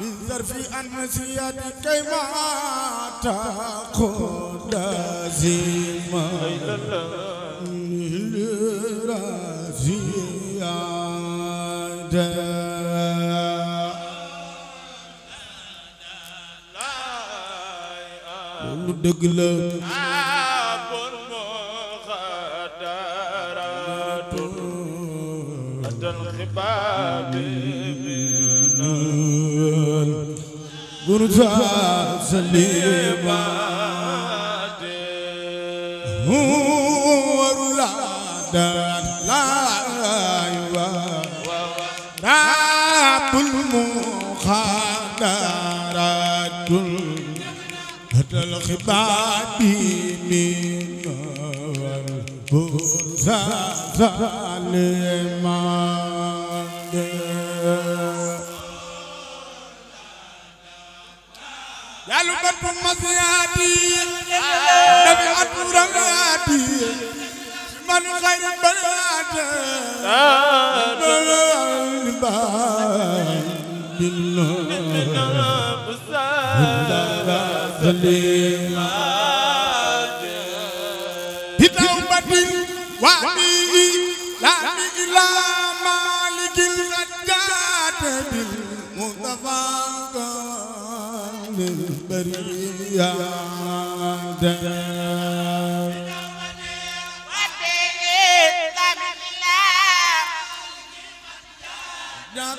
بالظرف عن سيادي كيما تقود زيما دغلا ورجا سليمات هو رلاد لا يوا راب المخادرات هدى الخباب من برزا من غير البلاد بتوبتي وعدي لا إلى مالك الغداد بالمصطفى قال البريات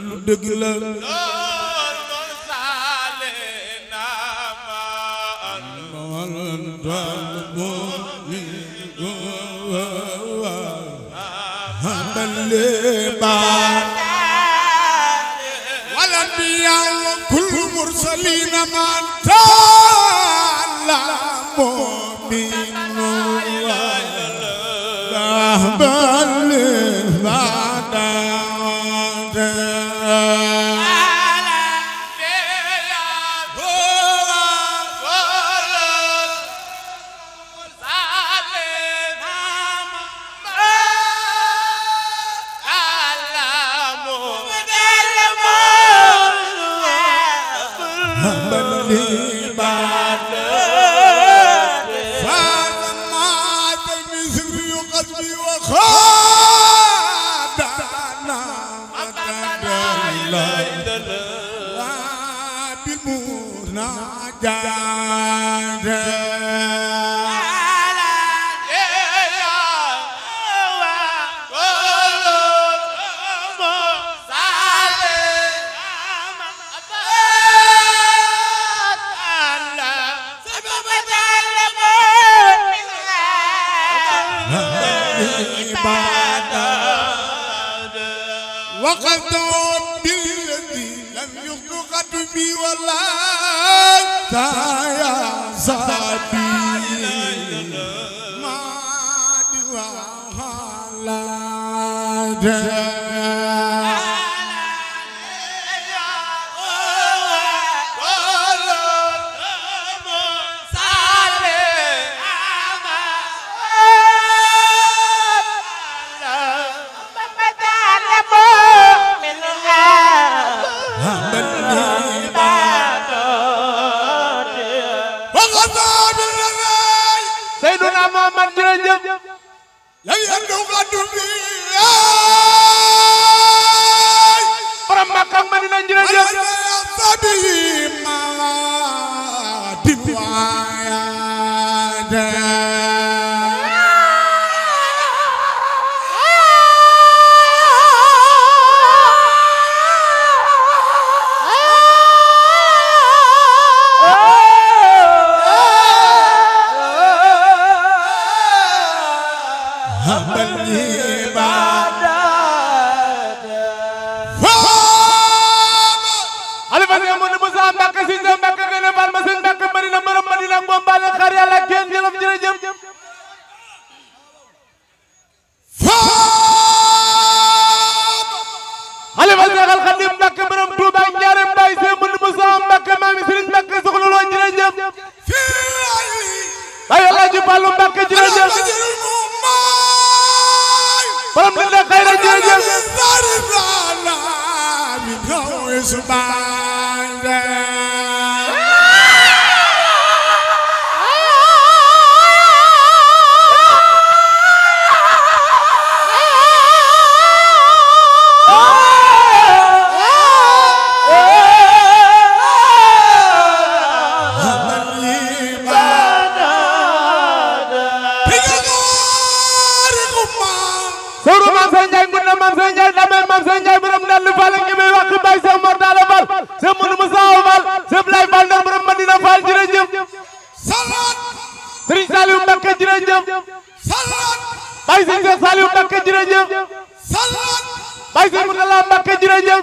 lu dëgg la أهبل وقد بالله يخطئ بي ولا تايا زادي ما دوا لا yaa Mamad jërëjëf la yan do xaddu bi borom Makka ak Madina jërëjëf ma di waaya Bombardier xar yàlla ak yéen jërëjëf jërëjëf xalifa Seexal Xadim Mbàkke borom Tuuba Njaareem Baay Sëñ Mbund Musaa Mbàkke maami Sëriñ Mbàkke soxla loo jërëjëf ay Alaaji Fallu Mbàkke jërëjëf borom dina xayra jërëjëf Baye Serigne Cheikh Saliou Mbacké jërëjëf Baye Serigne Mourtala Mbacké jërëjëf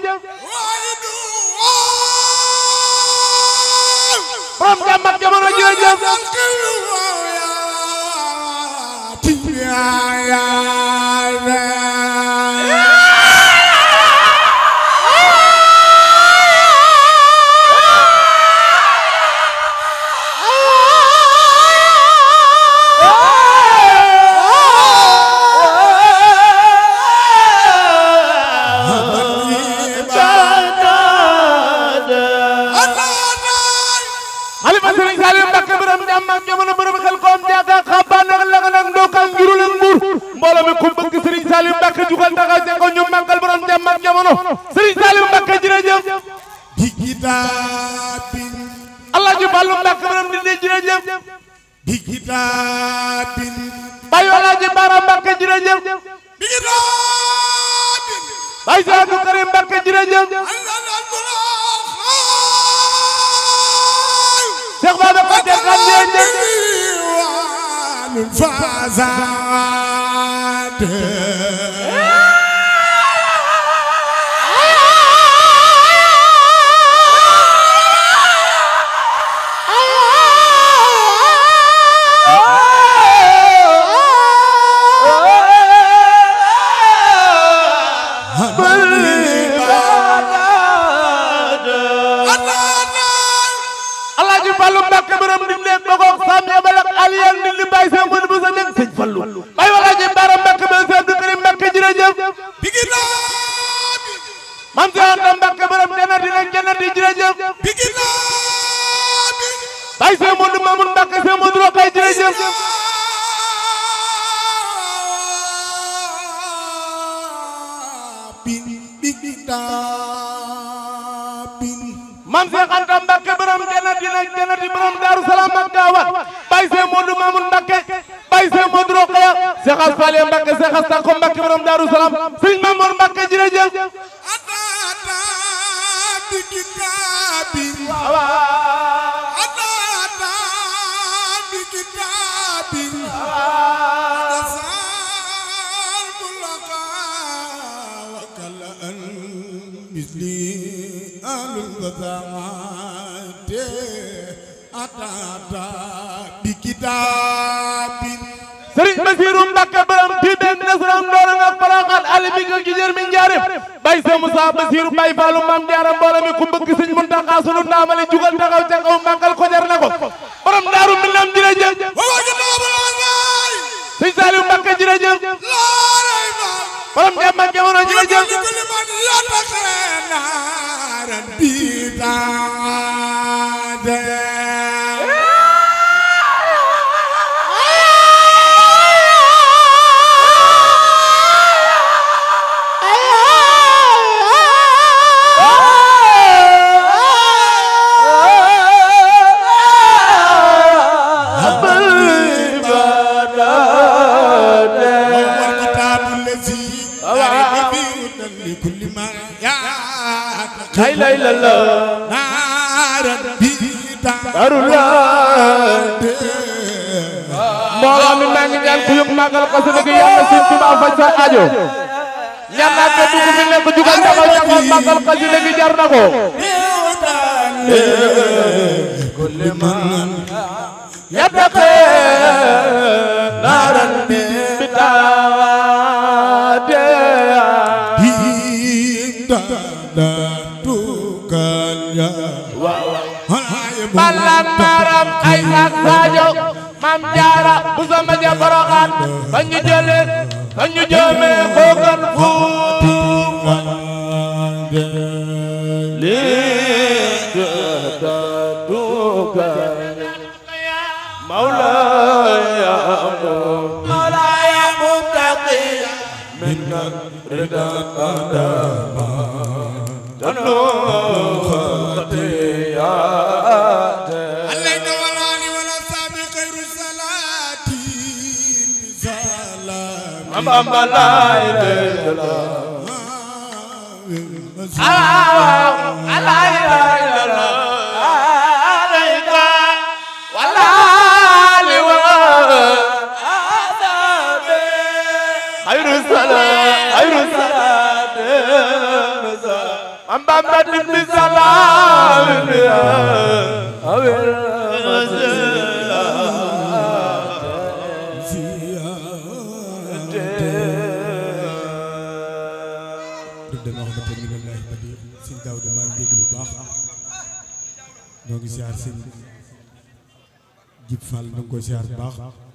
borom jàmm ak jamono jërëjëf mbooloo mi ku bëgg Serigne Saliou Mbacké jugal taxaw ca ko ñu màggal borom jàmm ak jamono Serigne Saliou Mbacké jërëjëf bi kitaabin Allah ji Fallu Mbacké borom dinde jërëjëf bi kitaabin Baye Allah ji Bara Mbacké jërëjëf bi kitaabin Baye Saadu Karim Mbacké jërëjëf Cheikh Baba ko te kan jërëjëf te Anta Mbakke borom dana dina jënd di jërëjëf. Baye Sey Modou Mamoun Mbakke Sey Modou Rokhaya jërëjëf. Mam Seex Anta Mbakke borom dana dina jënd di borom Daaru Salaam ak Gaawaan Baye Sey Modou Mamoun Mbakke. Baye Sey Modou Rokhaya Seex Asfale Mbakke Seex Asako Mbakke borom Daaru Salaam Sëñ Mamour Mbakke jërëjëf. misli amin zamate atata bi kitabi Serigne Bassirou Mbacké borom ti ben nasram nga faraxal ali bi nga gijeer mi njaarim bay sa Moussa Bassirou bay fallu mam diara mbooloo mi ku bëgg Serigne Mountakha sunu jugal taxaw ca kaw màggal na ko borom daaru mi nam jërëjëf wa wa gëna ba Serigne Saliou Mbacké jërëjëf borom dem ak jamono ji la jël arulante mbooloo mi maa ngi ñaan ku yóbbu màggal xasida gi yàlla Sëriñ Tuubaa faj sa aajo ñaan naa ko dugg fi nekk jugal jamal jamal màggal xasida gi jar na ko كل من يتقي ballan maaram ay ak rajo maam jaara bu sama ja boroxaan ba ñu jëlee ba ñu joomee koo gën fu Bamba la ilaha illallah Allah la ilaha illallah Bamba koy siyaar bu baax